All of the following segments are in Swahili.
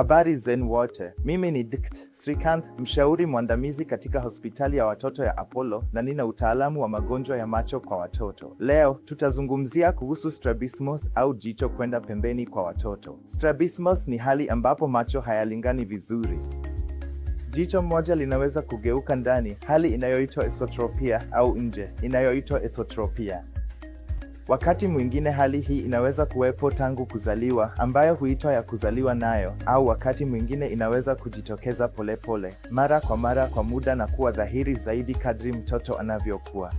Habari zenu wote, mimi ni Dkt. Srikanth, mshauri mwandamizi katika hospitali ya watoto ya Apollo na nina utaalamu wa magonjwa ya macho kwa watoto. Leo tutazungumzia kuhusu strabismus au jicho kwenda pembeni kwa watoto. Strabismus ni hali ambapo macho hayalingani vizuri. Jicho moja linaweza kugeuka ndani, hali inayoitwa esotropia au nje, inayoitwa esotropia. Wakati mwingine hali hii inaweza kuwepo tangu kuzaliwa, ambayo huitwa ya kuzaliwa nayo, au wakati mwingine inaweza kujitokeza polepole pole, mara kwa mara kwa muda na kuwa dhahiri zaidi kadri mtoto anavyokuwa.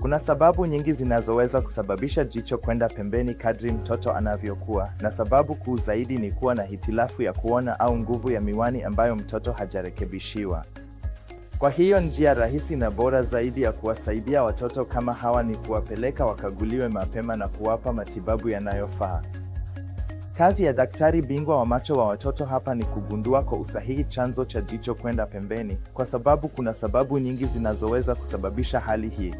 Kuna sababu nyingi zinazoweza kusababisha jicho kwenda pembeni kadri mtoto anavyokuwa, na sababu kuu zaidi ni kuwa na hitilafu ya kuona au nguvu ya miwani ambayo mtoto hajarekebishiwa. Kwa hiyo njia rahisi na bora zaidi ya kuwasaidia watoto kama hawa ni kuwapeleka wakaguliwe mapema na kuwapa matibabu yanayofaa. Kazi ya daktari bingwa wa macho wa watoto hapa ni kugundua kwa usahihi chanzo cha jicho kwenda pembeni, kwa sababu kuna sababu nyingi zinazoweza kusababisha hali hii.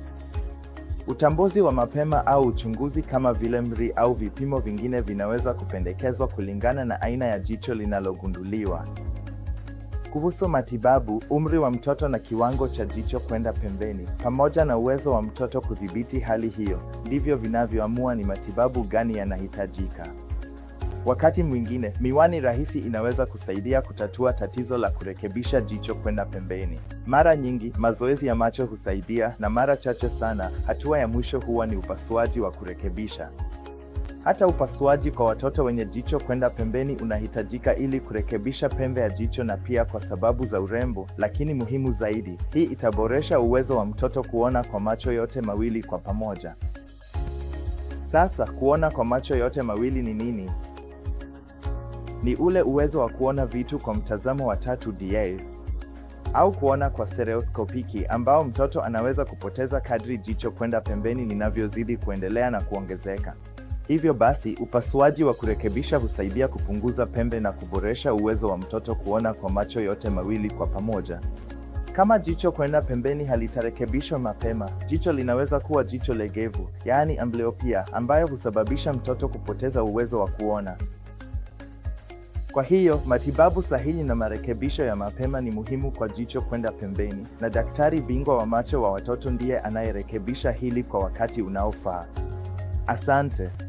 Utambuzi wa mapema au uchunguzi kama vile MRI au vipimo vingine vinaweza kupendekezwa kulingana na aina ya jicho linalogunduliwa kuhusu matibabu, umri wa mtoto na kiwango cha jicho kwenda pembeni, pamoja na uwezo wa mtoto kudhibiti hali hiyo, ndivyo vinavyoamua ni matibabu gani yanahitajika. Wakati mwingine, miwani rahisi inaweza kusaidia kutatua tatizo la kurekebisha jicho kwenda pembeni. Mara nyingi, mazoezi ya macho husaidia na mara chache sana, hatua ya mwisho huwa ni upasuaji wa kurekebisha. Hata upasuaji kwa watoto wenye jicho kwenda pembeni unahitajika ili kurekebisha pembe ya jicho na pia kwa sababu za urembo, lakini muhimu zaidi, hii itaboresha uwezo wa mtoto kuona kwa macho yote mawili kwa pamoja. Sasa, kuona kwa macho yote mawili ni nini? Ni ule uwezo wa kuona vitu kwa mtazamo wa 3D au kuona kwa stereoskopiki ambao mtoto anaweza kupoteza kadri jicho kwenda pembeni linavyozidi kuendelea na kuongezeka. Hivyo basi, upasuaji wa kurekebisha husaidia kupunguza pembe na kuboresha uwezo wa mtoto kuona kwa macho yote mawili kwa pamoja. Kama jicho kwenda pembeni halitarekebishwa mapema, jicho linaweza kuwa jicho legevu, yaani amblyopia, ambayo husababisha mtoto kupoteza uwezo wa kuona. Kwa hiyo, matibabu sahihi na marekebisho ya mapema ni muhimu kwa jicho kwenda pembeni, na daktari bingwa wa macho wa watoto ndiye anayerekebisha hili kwa wakati unaofaa. Asante.